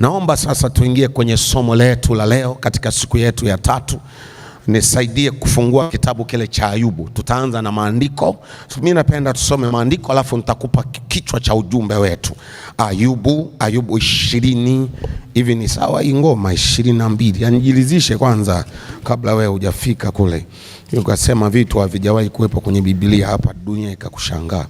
Naomba sasa tuingie kwenye somo letu la leo katika siku yetu ya tatu. Nisaidie kufungua kitabu kile cha Ayubu. Tutaanza na maandiko. Mimi napenda tusome maandiko, alafu nitakupa kichwa cha ujumbe wetu. Ayubu, Ayubu ishirini hivi ni sawa, ingoma ishirini na mbili. Anijilizishe kwanza kabla wewe hujafika kule, ukasema vitu havijawahi kuwepo kwenye Biblia hapa dunia, ikakushangaa.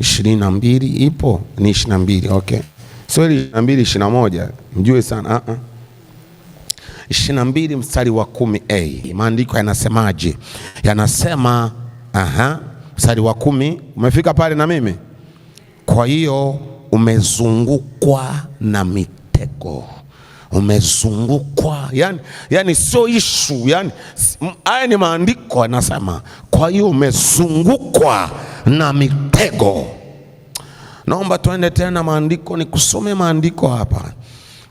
ishirini na mbili ipo ni ishirini na mbili okay. Swali ishirini mbili moja mjue sana uh -uh. ishirini mbili mstari wa kumi a maandiko yanasemaje? Yanasema aha, mstari wa kumi umefika pale na mimi. Kwa hiyo umezungukwa na mitego umezungukwa yani, yani sio ishu yani, haya ni maandiko yanasema. Kwa hiyo umezungukwa na mitego Naomba tuende tena maandiko, nikusome maandiko hapa.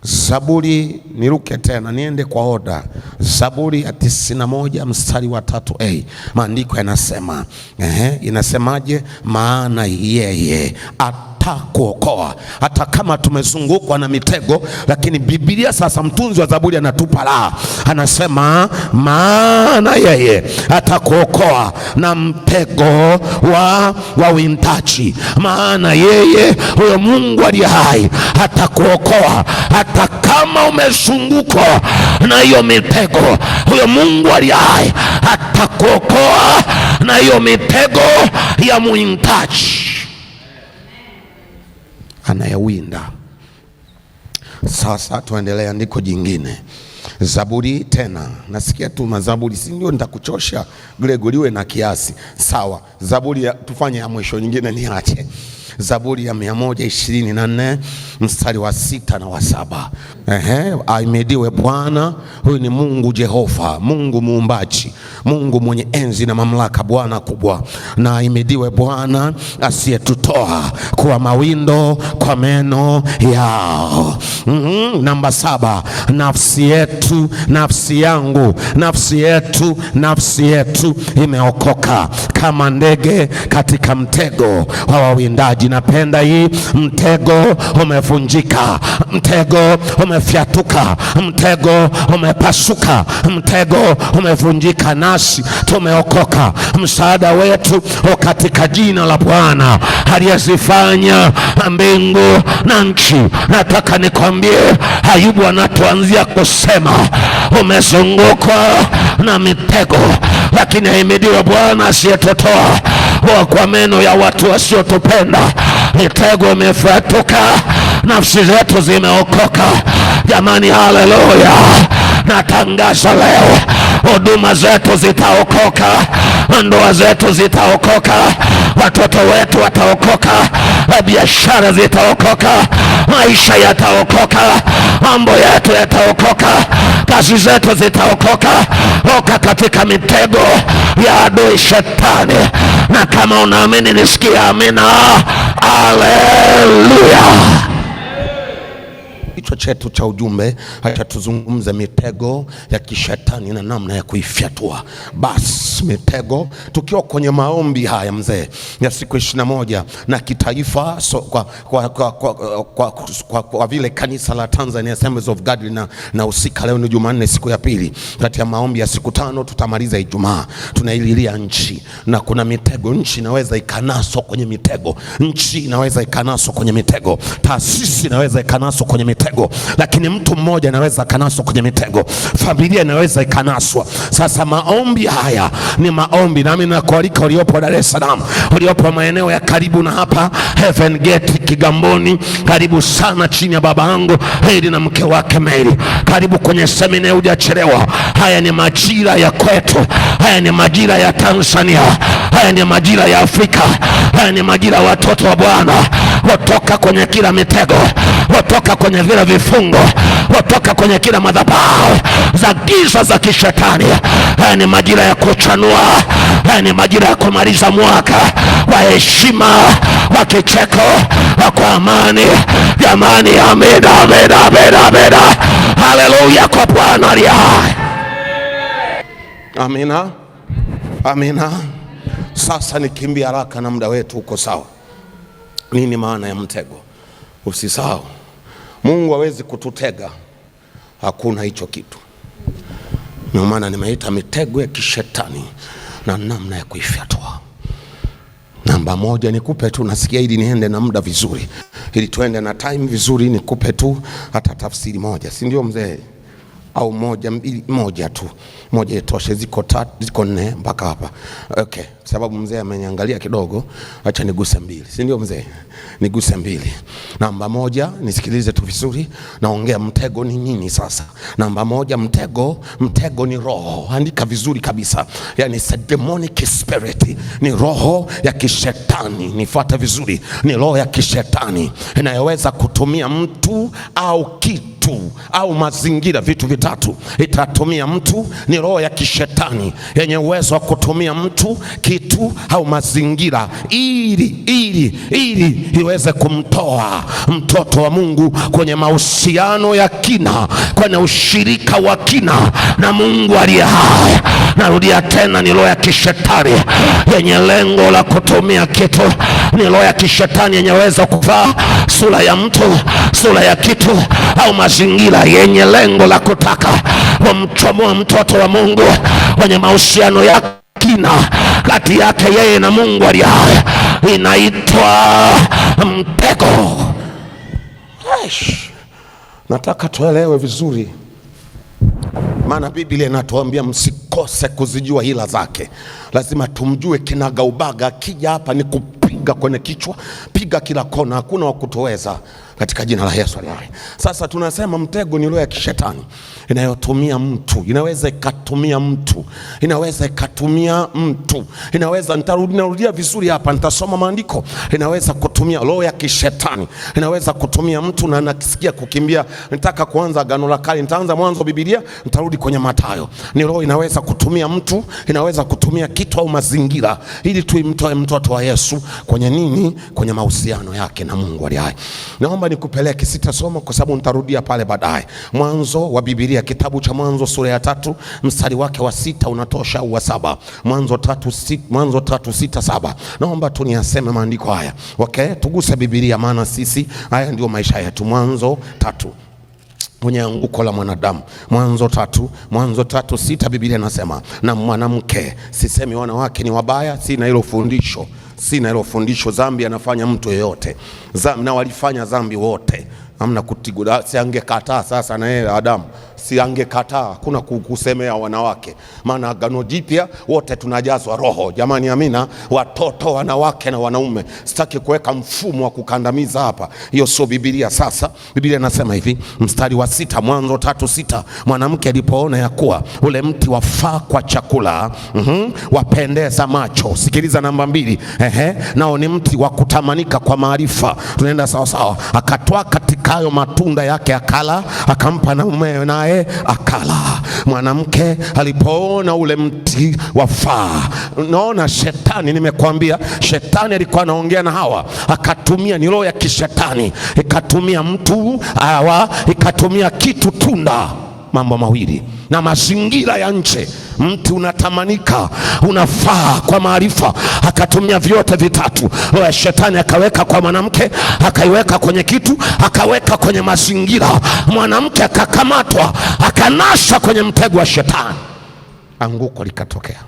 Zaburi, niruke tena niende kwa oda. Zaburi ya tisini na moja mstari wa tatu a hey, maandiko yanasema ehe, inasemaje? Maana yeye At kuokoa hata kama tumezungukwa na mitego. Lakini Biblia sasa, mtunzi wa Zaburi anatupa raha, anasema maana yeye atakuokoa na mtego wa wawindaji, maana yeye huyo Mungu aliye hai atakuokoa hata kama umezungukwa na hiyo mitego. Huyo Mungu aliye hai atakuokoa na hiyo mitego ya mwindaji anayawinda. Sasa tuendelee andiko jingine, Zaburi tena. Nasikia tu mazaburi, si ndio? Nitakuchosha Gregory, uwe na kiasi. Sawa, Zaburi ya, tufanye ya mwisho, nyingine niache. Zaburi ya 124 mstari wa sita na wa saba. Ehe, aimidiwe Bwana, huyu ni Mungu Jehova, Mungu muumbaji, Mungu mwenye enzi na mamlaka, Bwana kubwa. Na aimidiwe Bwana asiyetutoa kwa mawindo kwa meno yao. mm -hmm. Namba saba, nafsi yetu, nafsi yangu, nafsi yetu, nafsi yetu imeokoka kama ndege katika mtego wa wawindaji Ninapenda hii, mtego umevunjika mtego umefyatuka, mtego umepasuka, mtego umevunjika nasi tumeokoka. Msaada wetu katika jina la Bwana aliyezifanya mbingu na nchi. Nataka nikwambie, Ayubu anatuanzia kusema umezungukwa na mitego, lakini ahimidiwe Bwana asiyetotoa Toa kwa meno ya watu wasiotupenda. Mitego imefatuka, nafsi zetu zimeokoka. Jamani, haleluya! Natangaza leo huduma zetu zitaokoka, ndoa zetu zitaokoka, watoto wetu wataokoka, biashara zitaokoka, maisha yataokoka, mambo yetu yataokoka kazi zetu zitaokoka oka katika mitego ya adui shetani. Na kama unaamini nisikia amina. Aleluya. Kichwa chetu cha ujumbe, acha tuzungumze mitego ya kishetani na namna ya kuifyatua. Basi mitego, tukiwa kwenye maombi haya mzee ya siku ishirini na moja na kitaifa, so, kwa, kwa, kwa, kwa, kwa, kwa, kwa, kwa vile kanisa la Tanzania Assemblies of God na nahusika, leo ni Jumanne, siku ya pili kati ya maombi ya siku tano, tutamaliza Ijumaa. Tunaililia nchi na kuna mitego, nchi inaweza ikanaswa kwenye mitego, nchi inaweza ikanaswa kwenye mitego, taasisi inaweza ikanaswa kwenye mitego mitego, lakini mtu mmoja anaweza akanaswa kwenye mitego, familia inaweza ikanaswa. Sasa maombi haya ni maombi, nami nakualika uliopo Dar es Salaam, uliopo maeneo ya karibu na hapa Heaven Gate Kigamboni, karibu sana, chini ya baba yangu Heri na mke wake Mary, karibu kwenye semina, hujachelewa. Haya ni majira ya kwetu, haya ni majira ya Tanzania, haya ni majira ya Afrika, haya ni majira ya watoto wa Bwana watoka kwenye kila mitego, watoka kwenye vile vifungo, watoka kwenye kila madhabahu za giza za kishetani. Haya ni majira ya kuchanua, haya ni majira ya kumaliza mwaka wa heshima, wa kicheko, wa kwa amani. Jamani, amina, amina, amina, amina. Haleluya kwa Bwana aliye hai. Amina, amina. Sasa nikimbia haraka na muda wetu uko sawa. Nini maana ya mtego? Usisahau, Mungu hawezi kututega, hakuna hicho kitu. Ndio maana nimeita mitego ya kishetani na namna ya kuifyatua. Namba moja, nikupe tu, nasikia ili niende na muda vizuri, ili tuende na time vizuri, nikupe tu hata tafsiri moja, si ndio mzee? au moja mbili, moja tu, moja itoshe, ziko tatu, ziko nne mpaka hapa. Okay, sababu mzee ameniangalia kidogo, acha niguse mbili, si ndio mzee? Niguse mbili. Namba moja, nisikilize tu vizuri, naongea. Mtego ni nini sasa? Namba moja, mtego, mtego ni roho. Andika vizuri kabisa, yani demonic spirit, ni roho ya kishetani. Nifuata vizuri, ni roho ya kishetani inayoweza kutumia mtu au kitu vitu au mazingira, vitu vitatu itatumia mtu. Ni roho ya kishetani yenye uwezo wa kutumia mtu, kitu au mazingira, ili ili ili iweze kumtoa mtoto wa Mungu kwenye mahusiano ya kina, kwenye ushirika wa kina na Mungu aliye hai. Narudia tena, ni roho ya kishetani yenye lengo la kutumia kitu, ni roho ya kishetani yenye uwezo kuvaa sura ya mtu, sura ya kitu au mazingira yenye lengo la kutaka kumchomoa mtoto wa Mungu kwenye mahusiano ya kina kati yake yeye na Mungu aliye hai, inaitwa mtego. Nataka tuelewe vizuri, maana Biblia inatuambia msikose kuzijua hila zake. Lazima tumjue kinagaubaga, akija hapa ni piga kwenye kichwa, piga kila kona, hakuna wakutoweza katika jina la Yesu aliye Sasa tunasema mtego ni roho ya kishetani inayotumia mtu, inaweza ikatumia mtu, inaweza ikatumia mtu, inaweza narudia vizuri hapa, nitasoma maandiko. Inaweza kutumia roho ya kishetani, inaweza kutumia mtu, na nakisikia kukimbia. Nitaka kuanza Agano la Kale, nitaanza mwanzo Biblia, nitarudi kwenye Mathayo. Ni roho inaweza kutumia mtu, inaweza kutumia kitu au mazingira, ili tuimtoe mtoto wa Yesu kwenye nini? Kwenye mahusiano yake na Mungu aliye hai. Naomba naomba nikupeleke, sitasoma kwa sababu nitarudia pale baadaye. Mwanzo wa Biblia, kitabu cha Mwanzo sura ya tatu mstari wake wa sita unatosha au wa saba. Mwanzo tatu, si, Mwanzo tatu sita saba. Naomba niaseme maandiko haya okay? Tuguse Biblia, maana sisi haya ndio maisha yetu. Mwanzo tatu kwenye anguko la mwanadamu. Mwanzo tatu, Mwanzo tatu sita, Biblia inasema na mwanamke, sisemi wanawake ni wabaya, sina hilo fundisho Sina hilo fundisho, dhambi anafanya mtu yeyote na walifanya dhambi wote, namna kutigula, si angekataa sasa na yeye Adamu, si angekataa. Hakuna kusemea wanawake, maana Agano Jipya wote tunajazwa Roho. Jamani, amina. Watoto, wanawake na wanaume, sitaki kuweka mfumo wa kukandamiza hapa, hiyo sio Biblia. Sasa Biblia inasema hivi, mstari wa sita, Mwanzo tatu sita, mwanamke alipoona ya kuwa ule mti wafaa kwa chakula, mm -hmm, wapendeza macho. Sikiliza namba mbili, ehe, nao ni mti wa kutamanika kwa maarifa. Tunaenda sawasawa, akatwaa hayo matunda yake akala, akampa na mumewe, naye akala. Mwanamke alipoona ule mti wafaa. Naona shetani, nimekwambia shetani alikuwa anaongea na Hawa, akatumia ni roho ya kishetani, ikatumia mtu hawa ikatumia kitu, tunda mambo mawili na mazingira ya nje. Mtu unatamanika unafaa kwa maarifa, akatumia vyote vitatu. Shetani akaweka kwa mwanamke, akaiweka kwenye kitu, akaweka kwenye mazingira. Mwanamke akakamatwa, akanasha kwenye mtego wa shetani, anguko likatokea.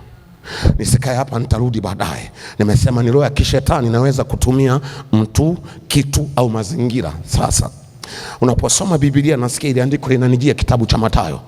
Nisikae hapa, nitarudi baadaye. Nimesema ni roho ya kishetani inaweza kutumia mtu, kitu au mazingira. Sasa Unaposoma Biblia nasikia ile andiko linanijia kitabu cha Mathayo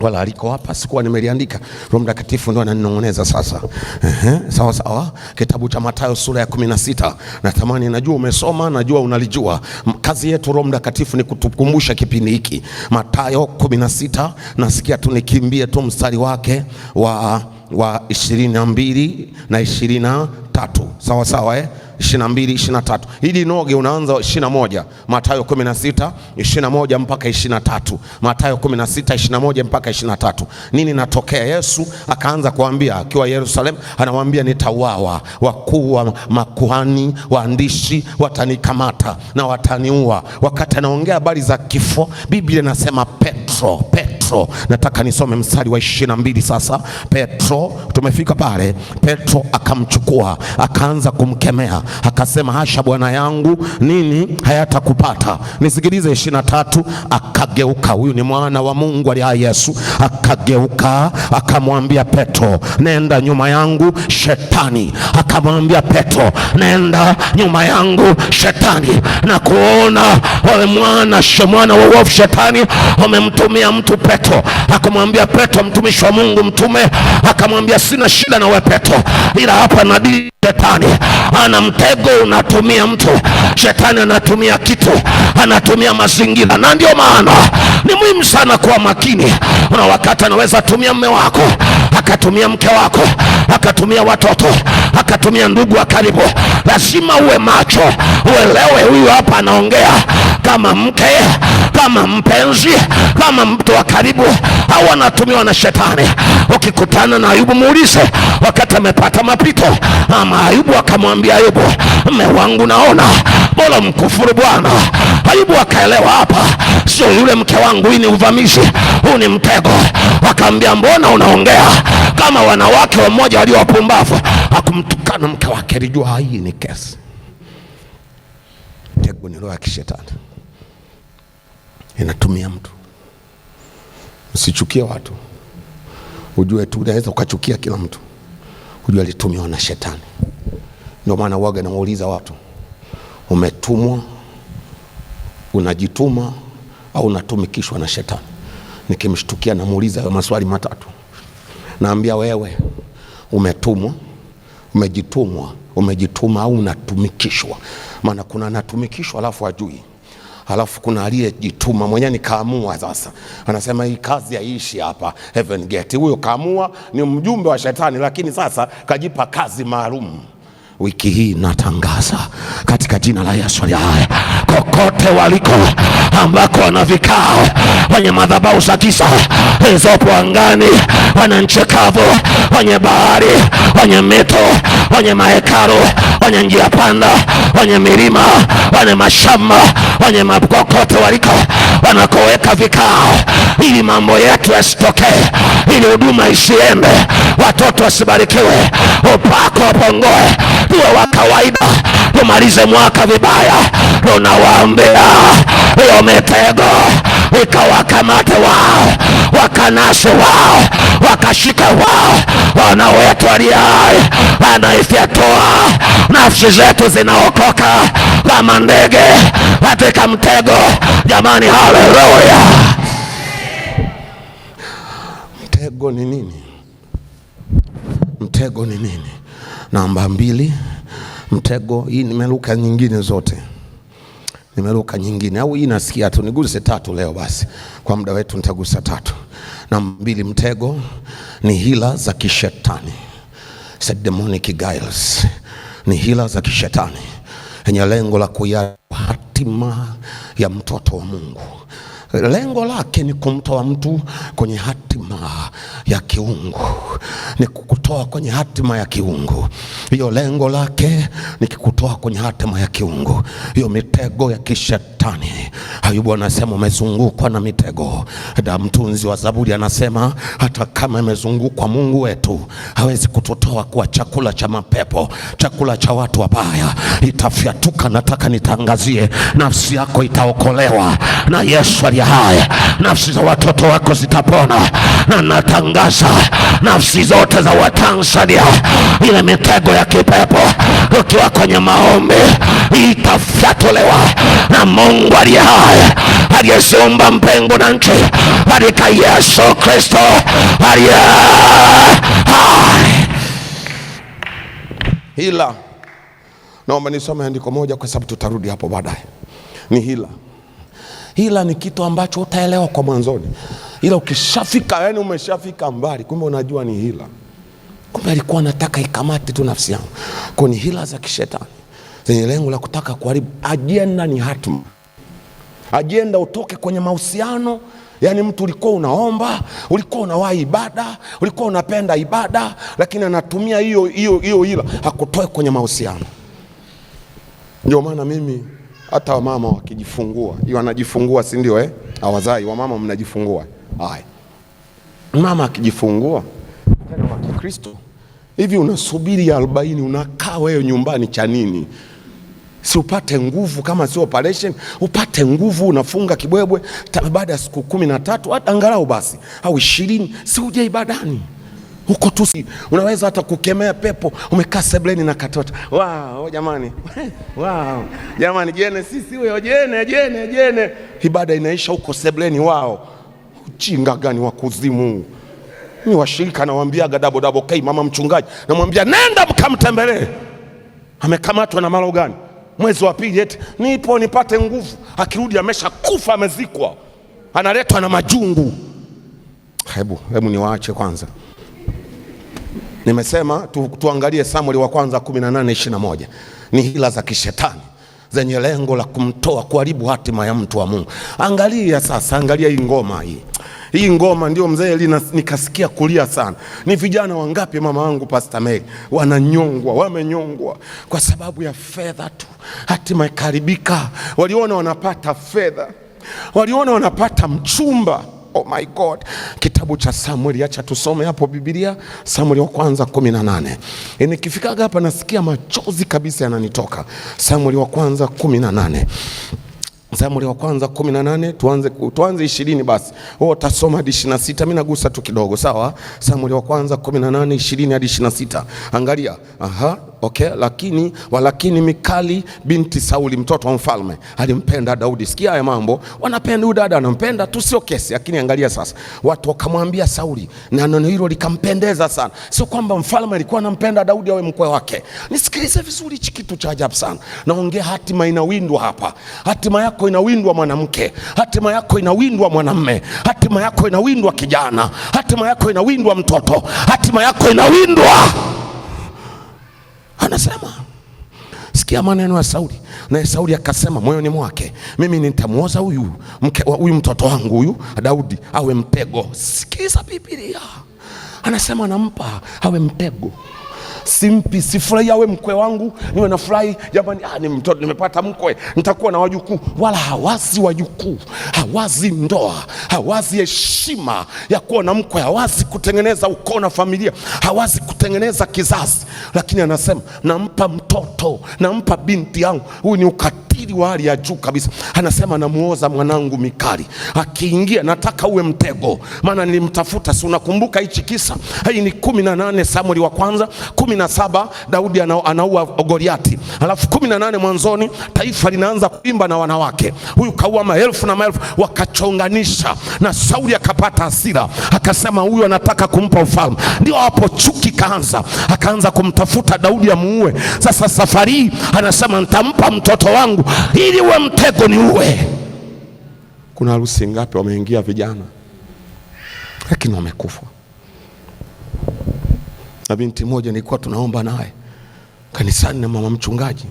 wala aliko hapa, sikuwa nimeliandika. Roho Mtakatifu ndo ananinong'oneza sasa. Eh, sawa sawa, kitabu cha Mathayo sura ya kumi na sita. Natamani najua umesoma, najua unalijua. Kazi yetu Roho Mtakatifu ni kutukumbusha kipindi hiki. Mathayo kumi na sita, nasikia tunikimbie tu mstari wake wa wa 22 na 23 sawa sawa, eh 22 23. Hili noge unaanza 21, Mathayo 16 21 mpaka 23, Mathayo 16 21 mpaka 23. Nini natokea? Yesu akaanza kuambia akiwa Yerusalemu, anawaambia nitauawa, wakuu wa makuhani, waandishi watanikamata na wataniua. Wakati anaongea habari za kifo, Biblia inasema Petro, Petro Petro. Nataka nisome mstari wa ishirini na mbili sasa. Petro, tumefika pale. Petro akamchukua akaanza kumkemea akasema, hasha bwana yangu, nini hayatakupata? Nisikilize ishirini na tatu. Akageuka, huyu ni mwana wa Mungu aliye Yesu, akageuka akamwambia Petro, nenda nyuma yangu shetani. Akamwambia Petro, nenda nyuma yangu shetani, na kuona wewe mwana mwana wa uovu, shetani amemtumia mtu Petro Petro, akamwambia Petro mtumishi wa Mungu mtume, akamwambia sina shida na wewe Petro, ila hapa nadili shetani ana mtego, unatumia mtu, shetani anatumia kitu, anatumia mazingira, na ndio maana ni muhimu sana kuwa makini. Na wakati anaweza tumia mme wako, akatumia mke wako, akatumia watoto, akatumia ndugu wa karibu. Lazima uwe macho, uelewe, huyu hapa anaongea kama mke kama mpenzi, kama mtu wa karibu, au anatumiwa na shetani. Ukikutana na Ayubu muulize wakati amepata mapito, ama Ayubu akamwambia Ayubu, mme wangu naona bora mkufuru Bwana. Ayubu akaelewa hapa sio yule mke wangu, hii ni uvamizi, huu ni mtego. Akaambia mbona unaongea kama wanawake wa mmoja walio wapumbavu. Akumtukana mke wake, alijua hii ni kesi, mtego ni roho ya kishetani inatumia mtu. Usichukie watu, ujue tu unaweza ukachukia kila mtu, ujue alitumiwa na Shetani. Ndio maana waga nawauliza watu, umetumwa unajituma au unatumikishwa na Shetani? Nikimshtukia namuuliza maswali matatu, naambia wewe umetumwa, umejitumwa, umejituma au unatumikishwa? Maana kuna anatumikishwa alafu ajui Alafu kuna aliyejituma mwenyewe nikaamua sasa, anasema hii kazi haiishi hapa Heaven Gate. Huyo kaamua ni mjumbe wa shetani, lakini sasa kajipa kazi maalum. Wiki hii natangaza katika jina la Yesu aliye hai, kokote waliko ambako wana vikao wenye madhabahu za giza zilizopo angani, wenye kavu, bahari, wenye mito, wenye mahekalu wenye njia panda, wenye milima, wenye mashamba, wenye makokoto waliko wanakoweka vikao, ili mambo yetu yasitokee, ili huduma isiende, watoto wasibarikiwe, upako wapongoe, tuwe wa kawaida, tumalize mwaka vibaya. Tunawaambia hiyo mitego ikawakamate wao naso wao wakashika wao, wana wetu wanaifyatua nafsi zetu zinaokoka kama ndege katika mtego. Jamani, haleluya! Mtego ni nini? Mtego ni nini? Namba mbili, mtego hii nimeruka nyingine zote nimeruka nyingine au hii nasikia tu niguse tatu leo. Basi kwa muda wetu nitagusa tatu na mbili, mtego ni hila za kishetani. Said demonic guiles ni hila za kishetani yenye lengo la kuyaa hatima ya mtoto wa Mungu. Lengo lake ni kumtoa mtu kwenye hatima ya kiungu, ni kukutoa kwenye hatima ya kiungu. Hiyo lengo lake ni kukutoa kwenye hatima ya kiungu, hiyo mitego ya kishetani shetani. Ayubu anasema umezungukwa na mitego da. Mtunzi wa Zaburi anasema hata kama imezungukwa, Mungu wetu hawezi kututoa kuwa chakula cha mapepo, chakula cha watu wabaya. Itafyatuka, nataka nitangazie, nafsi yako itaokolewa na Yesu aliye hai. Nafsi za watoto wako zitapona, na natangaza nafsi zote za Watanzania. Ile mitego ya kipepo ukiwa kwenye maombi itafyatuliwa na Mungu aliye hai aliyeziumba mbingu na nchi, katika Yesu Kristo aliye hai. Hila, naomba nisome andiko moja, kwa sababu tutarudi hapo baadaye. Ni hila. Hila ni kitu ambacho utaelewa kwa mwanzoni ila ukishafika, yani umeshafika mbali, kumbe unajua ni hila. Kumbe alikuwa anataka ikamate tu nafsi yangu, kwa ni hila za kishetani zenye lengo la kutaka kuharibu. Ajenda ni hatm ajenda utoke kwenye mahusiano Yaani, mtu ulikuwa unaomba, ulikuwa unawahi ibada, ulikuwa unapenda ibada, lakini anatumia hiyo hiyo hiyo ila akutoe kwenye mahusiano. Ndio maana mimi hata wamama wakijifungua, hiyo anajifungua, sindio eh? awazai wamama, mnajifungua Haya, mama akijifungua tena wa Kikristo hivi, unasubiri arobaini, unakaa wewe nyumbani cha nini? Si upate nguvu, kama sio operation upate nguvu. Unafunga kibwebwe baada ya siku kumi na tatu angalau basi au ishirini, si uje ibadani huko tu, unaweza hata kukemea pepo. Umekaa sebleni na katoto wow, jamani wow, jamani, jene sisi huyo jene jene jene, ibada inaisha huko sebleni wao ujinga gani wa kuzimu! ni washirika nawambiaga dabo dabo kai, mama mchungaji namwambia nenda mkamtembelee, amekamatwa na maro gani mwezi wa pili, eti nipo nipate nguvu. Akirudi ameshakufa, amezikwa, analetwa na majungu. Hebu hebu niwaache kwanza. Nimesema tu, tuangalie Samueli wa kwanza 18:21 ni hila za kishetani zenye lengo la kumtoa, kuharibu hatima ya mtu wa Mungu. Angalia sasa, angalia hii ngoma hii hii ngoma ndio mzee lina, nikasikia kulia sana. Ni vijana wangapi mama wangu Pastor Mary wananyongwa, wamenyongwa kwa sababu ya fedha tu, hatima ikaribika. Waliona wanapata fedha, waliona wanapata mchumba Oh my God, kitabu cha Samueli, acha tusome hapo Biblia, Samueli wa kwanza nane E, nikifikaga hapa nasikia machozi kabisa yananitoka. Samueli wa kwanza nane Samueli wa kwanza nane tuanze tuanze ishirini basi. Wewe oh, utasoma hadi sita mi nagusa tu kidogo, sawa? Samueli wa kwanza nane ishirini hadi sita Angalia. Aha, okay? Lakini walakini Mikali binti Sauli mtoto wa mfalme alimpenda Daudi. Sikia haya mambo, wanapenda huyu dada anampenda tu, sio kesi. Lakini angalia sasa, watu wakamwambia Sauli na neno hilo likampendeza sana. Sio kwamba mfalme alikuwa anampenda Daudi awe mkwe wake. Nisikilize vizuri, hichi kitu cha ajabu sana. Naongea hatima inawindwa hapa. Hatima yako inawindwa mwanamke, hatima yako inawindwa mwanamme, hatima yako inawindwa kijana, hatima yako inawindwa mtoto, hatima yako inawindwa anasema Sikia maneno ya Sauli, naye Sauli akasema moyoni mwake, mimi nitamwoza huyu mke wa huyu mtoto wangu huyu Daudi awe mtego. Sikiza Biblia, anasema nampa awe mtego simpi, sifurahi awe mkwe wangu, niwe na furahi jamani, ah, ni mtoto nimepata mkwe, nitakuwa na wajukuu. Wala hawazi wajukuu, hawazi ndoa, hawazi heshima ya kuwa na mkwe, hawazi kutengeneza ukoo na familia, hawazi kutengeneza kizazi. Lakini anasema nampa mtoto, nampa binti yangu. Huyu ni ukatili wa hali ya juu kabisa. Anasema namuoza mwanangu Mikali, akiingia nataka uwe mtego, maana nilimtafuta. Si unakumbuka hichi kisa? Hii ni kumi na nane Samueli wa kwanza kumi na saba Daudi anaua Goliati, alafu kumi na nane mwanzoni taifa linaanza kuimba na wanawake, huyu kaua maelfu na maelfu, wakachonganisha na Sauli akapata hasira, akasema huyu anataka kumpa ufalme. Ndio hapo chuki kaanza, akaanza kumtafuta Daudi amuue. Sasa safari hii anasema nitampa mtoto wangu ili uwe mtego ni uwe. Kuna harusi ngapi wameingia vijana, lakini wamekufa na binti moja nilikuwa tunaomba naye kanisani na mama mchungaji,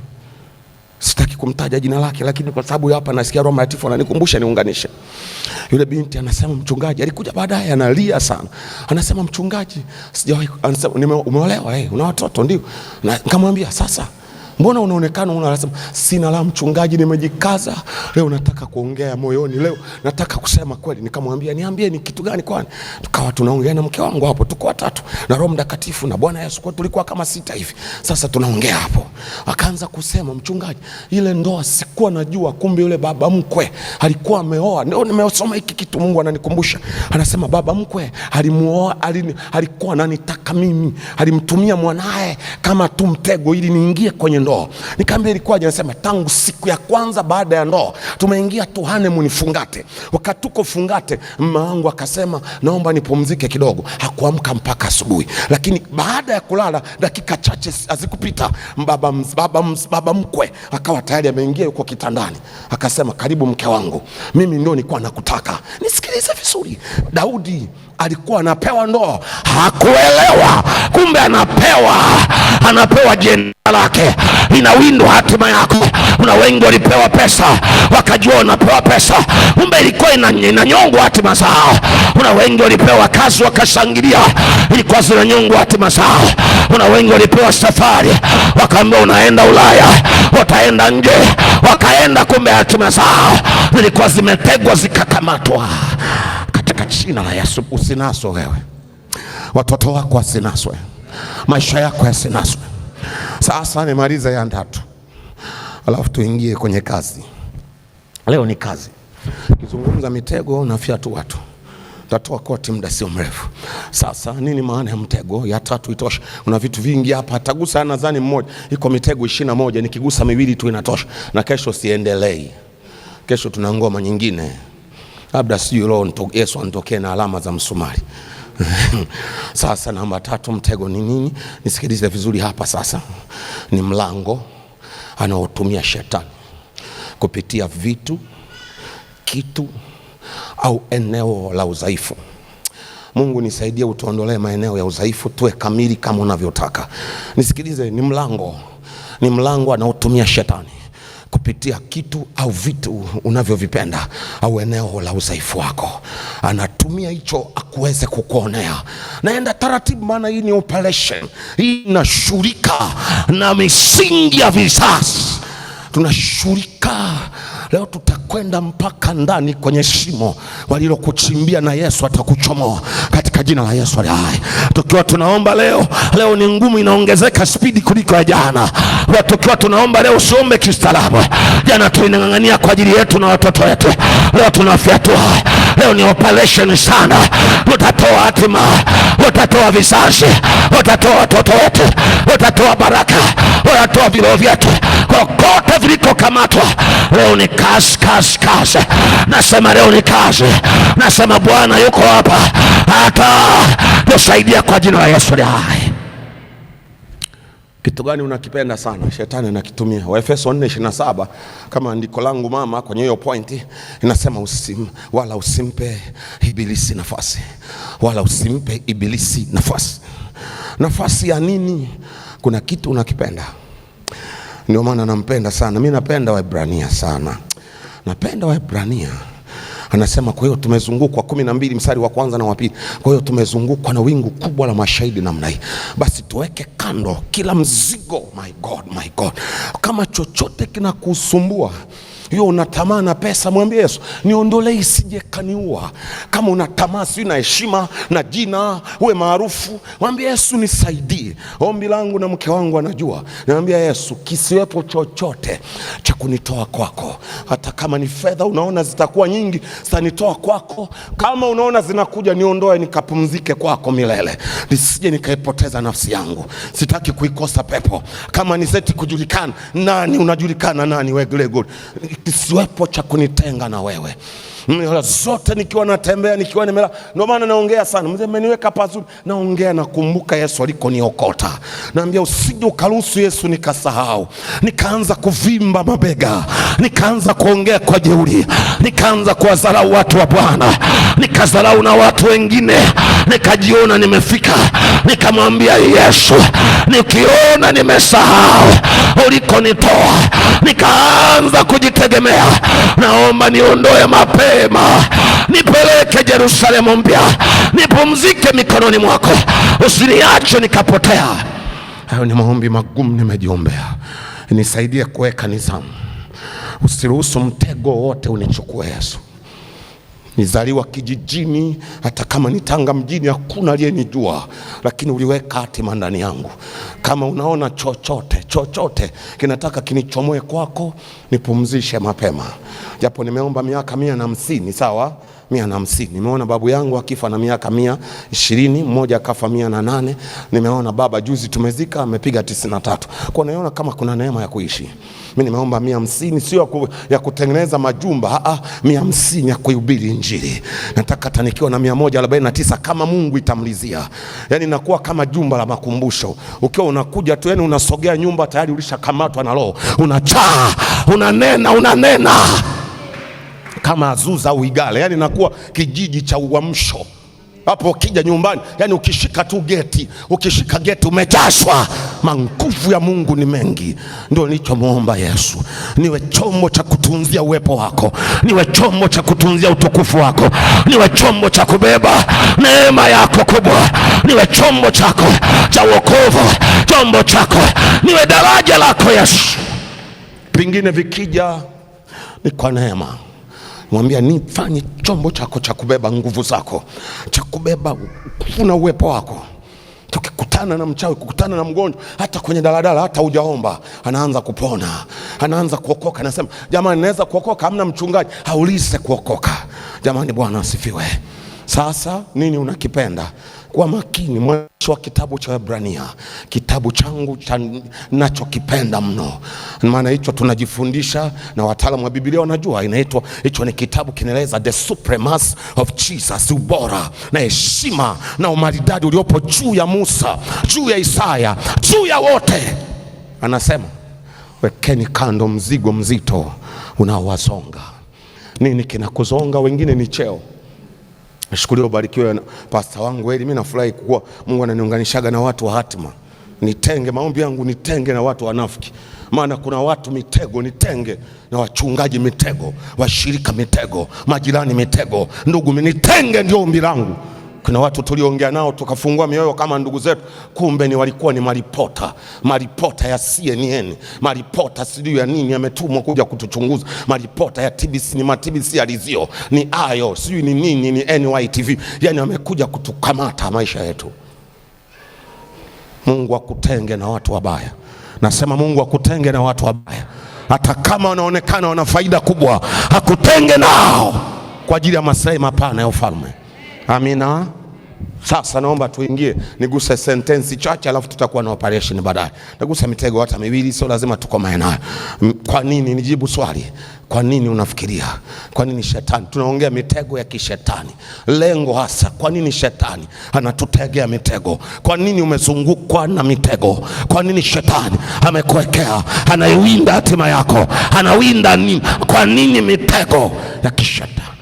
sitaki kumtaja jina lake, lakini kwa sababu hapa nasikia Roho Mtakatifu ananikumbusha niunganishe. Yule binti anasema mchungaji, alikuja baadaye, analia sana, anasema mchungaji, sijawahi, anasema umeolewa eh, una watoto? Ndio. Na nikamwambia sasa Mbona unaonekana una unasema sina la mchungaji, nimejikaza leo, nataka kuongea moyoni, leo nataka kusema kweli. Nikamwambia niambie, ni kitu gani? Kwani tukawa tunaongea na mke wangu hapo, tuko watatu na Roho Mtakatifu na Bwana Yesu, kwa tulikuwa kama sita hivi. Sasa tunaongea hapo, akaanza kusema mchungaji, ile ndoa sikuwa najua, kumbe yule baba mkwe alikuwa ameoa. Ndio nimesoma hiki kitu, Mungu ananikumbusha. Anasema baba mkwe alimuoa, alikuwa ananitaka mimi, alimtumia mwanae kama tu mtego ili niingie kwenye ndoa ndoa. Nikamwambia ilikuwaje? Anasema tangu siku ya kwanza baada ya ndoa tumeingia tuhane munifungate. Wakati tuko fungate, mama wangu akasema naomba nipumzike kidogo. Hakuamka mpaka asubuhi, lakini baada ya kulala dakika chache hazikupita, baba, baba, baba mkwe akawa tayari ameingia yuko kitandani, akasema karibu mke wangu, mimi ndio nilikuwa nakutaka. Nisikilize vizuri, Daudi alikuwa anapewa ndoa, hakuelewa kumbe anapewa anapewa jina lake inawindwa hatima yako. Kuna wengi walipewa pesa wakajua wanapewa pesa, kumbe ilikuwa inanyongwa hatima zao. Kuna wengi walipewa kazi wakashangilia, ilikuwa zinanyongwa hatima zao. Kuna wengi walipewa safari wakaambia unaenda Ulaya, wataenda nje, wakaenda, kumbe hatima zao zilikuwa zimetegwa zikakamatwa katika jina la Yesu. Usinaswe wewe, watoto wako wasinaswe, maisha yako yasinaswe. Sasa nimaliza ya ndatu, alafu tuingie kwenye kazi. Leo ni kazi, kizungumza mitego na fiatu watu tatoa koti muda sio mrefu. Sasa nini maana ya mtego? Ya tatu itosha, kuna vitu vingi hapa. Tagusa nadhani mmoja, iko mitego ishirini na moja, nikigusa miwili tu inatosha, na kesho siendelei. Kesho tuna ngoma nyingine, labda sijui Yesu antokee na alama za msumari. Sasa namba tatu, mtego ni nini? Nisikilize vizuri hapa sasa. Ni mlango anaotumia shetani kupitia vitu, kitu au eneo la udhaifu. Mungu nisaidie, utuondolee maeneo ya udhaifu, tuwe kamili kama unavyotaka. Nisikilize, ni mlango, ni mlango anaotumia shetani kupitia kitu au vitu unavyovipenda au eneo la udhaifu wako. Anatumia hicho akuweze kukuonea. Naenda taratibu, maana hii ni operation. Hii inashurika na misingi ya vizazi, tunashurika Leo tutakwenda mpaka ndani kwenye shimo walilokuchimbia, na Yesu atakuchomoa katika jina la Yesu aliye hai. Tukiwa tunaomba leo, leo ni ngumu, inaongezeka spidi kuliko ya jana. Tukiwa tunaomba leo, usiombe kistaarabu. Jana tulinang'ang'ania kwa ajili yetu na watoto wetu, leo tunafyatua. Leo ni operation sana, utatoa hatima, utatoa vizazi, utatoa watoto wetu, utatoa baraka, utatoa viloo vyetu kokote vilikokamatwa, leo ni kazi, kazi, kazi. Nasema leo ni kazi, nasema Bwana yuko hapa, hata tusaidia kwa jina la Yesu aliye hai. Kitu gani unakipenda sana shetani anakitumia? Waefeso 4:27 kama andiko langu mama, kwenye hiyo pointi inasema usim, wala usimpe ibilisi nafasi, wala usimpe ibilisi nafasi. Nafasi ya nini? Kuna kitu unakipenda ndio maana nampenda sana, mi napenda Waebrania sana, napenda Waebrania anasema kwa hiyo tumezungukwa, kumi na mbili mstari wa kwanza na wa pili. Kwa hiyo tumezungukwa na wingu kubwa la mashahidi namna hii, basi tuweke kando kila mzigo, my God, my God, kama chochote kinakusumbua hiyo unatamaa na pesa, mwambie Yesu niondolee isije kaniua. Kama unatamaa siu na heshima na jina, uwe maarufu, mwambie Yesu nisaidie. Ombi langu na mke wangu anajua, nawambia Yesu kisiwepo chochote cha kunitoa kwako. Hata kama ni fedha unaona zitakuwa nyingi, zitanitoa kwako. Kama unaona zinakuja, niondoe nikapumzike kwako milele, nisije nikaipoteza nafsi yangu. Sitaki kuikosa pepo. Kama ni seti kujulikana, nani unajulikana nani? We kisiwepo cha kunitenga na wewe zote nikiwa natembea nikiwa nimela. Ndio maana naongea sana mzee, mmeniweka pazuri, naongea nakumbuka Yesu alikoniokota. Naambia usije ukaruhusu Yesu nikasahau, nikaanza kuvimba mabega, nikaanza kuongea kwa jeuri, nikaanza kuwadharau watu wa Bwana, nikadharau na watu wengine, nikajiona nimefika. Nikamwambia Yesu, nikiona nimesahau ulikonitoa nikaanza kujitegemea. Naomba niondoe mapema, nipeleke Yerusalemu mpya, nipumzike mikononi mwako, usiniache nikapotea. Hayo ni maombi magumu nimejiombea. Nisaidie kuweka nizamu, usiruhusu mtego wote unichukue Yesu. Nizaliwa kijijini, hata kama ni Tanga mjini hakuna aliyenijua, lakini uliweka hatima ndani yangu. Kama unaona chochote chochote kinataka kinichomoe kwako, nipumzishe mapema, japo nimeomba miaka mia na hamsini sawa mia na hamsini. Nimeona babu yangu akifa na miaka mia ishirini, mmoja akafa mia na nane. Nimeona baba juzi tumezika amepiga tisini na tatu. Kwa naona kama kuna neema ya kuishi. Mimi nimeomba mia hamsini sio ya kutengeneza majumba a, ah, ah, mia hamsini ya kuhubiri Injili. Nataka hata na mia moja arobaini na tisa kama Mungu itamlizia, yani nakuwa kama jumba la makumbusho. Ukiwa unakuja tu, yani unasogea nyumba tayari ulishakamatwa na roho, unachaa unanena, unanena unanena kama Azusa au Igala, yani nakuwa kijiji cha uamsho hapo. Ukija nyumbani, yani ukishika tu geti, ukishika geti umejashwa. Manguvu ya Mungu ni mengi, ndio nilichomwomba Yesu, niwe chombo cha kutunzia uwepo wako, niwe chombo cha kutunzia utukufu wako, niwe chombo cha kubeba neema yako kubwa, niwe chombo chako cha wokovu, chombo chako, niwe daraja lako Yesu, vingine vikija ni kwa neema mwambia nifanye chombo chako cha kubeba nguvu zako, cha kubeba kuna uwepo wako. Tukikutana na mchawi, kukutana na mgonjwa, hata kwenye daladala, hata hujaomba, anaanza kupona, anaanza kuokoka. Anasema jamani, naweza kuokoka. Hamna mchungaji, haulise kuokoka. Jamani, Bwana asifiwe. Sasa nini unakipenda? kwa makini mwandishi wa kitabu cha Waebrania, kitabu changu cha nachokipenda mno. Maana hicho tunajifundisha na wataalamu wa Biblia wanajua, inaitwa hicho ni kitabu kinaeleza the supremacy of Jesus, ubora na heshima na umaridadi uliopo juu ya Musa, juu ya Isaya, juu ya wote. Anasema wekeni kando mzigo mzito unaowazonga. Nini kinakuzonga? Wengine ni cheo Nashukuru ubarikiwe na pasta wangu Eli. Mimi nafurahi kuwa Mungu ananiunganishaga na watu wa hatima. Nitenge maombi yangu, nitenge na watu wanafiki, maana kuna watu mitego. Nitenge na wachungaji mitego, washirika mitego, majirani mitego, ndugu, nitenge, ndio ombi langu. Kuna watu tulioongea nao tukafungua mioyo kama ndugu zetu, kumbe ni walikuwa ni maripota, maripota ya CNN, maripota sijui ya nini, ametumwa kuja kutuchunguza, maripota ya TBC, ni matbc ya Lizio, ni ayo sijui ni nini, ni NYTV, yani wamekuja kutukamata maisha yetu. Mungu akutenge na watu wabaya. Nasema Mungu akutenge na watu wabaya, hata kama wanaonekana wana faida kubwa, akutenge nao kwa ajili ya maslahi mapana ya ufalme. Amina. Sasa naomba tuingie, niguse sentensi chache, alafu tutakuwa na operation baadaye. Nagusa mitego hata miwili, sio lazima tukomae nayo. Kwa nini? Nijibu swali, kwa nini unafikiria? Kwa nini shetani? Tunaongea mitego ya kishetani, lengo hasa. Kwa nini shetani anatutegea mitego? Kwa nini umezungukwa na mitego? Kwa nini shetani amekuwekea, anaiwinda hatima yako, anawinda nini? Kwa nini mitego ya kishetani?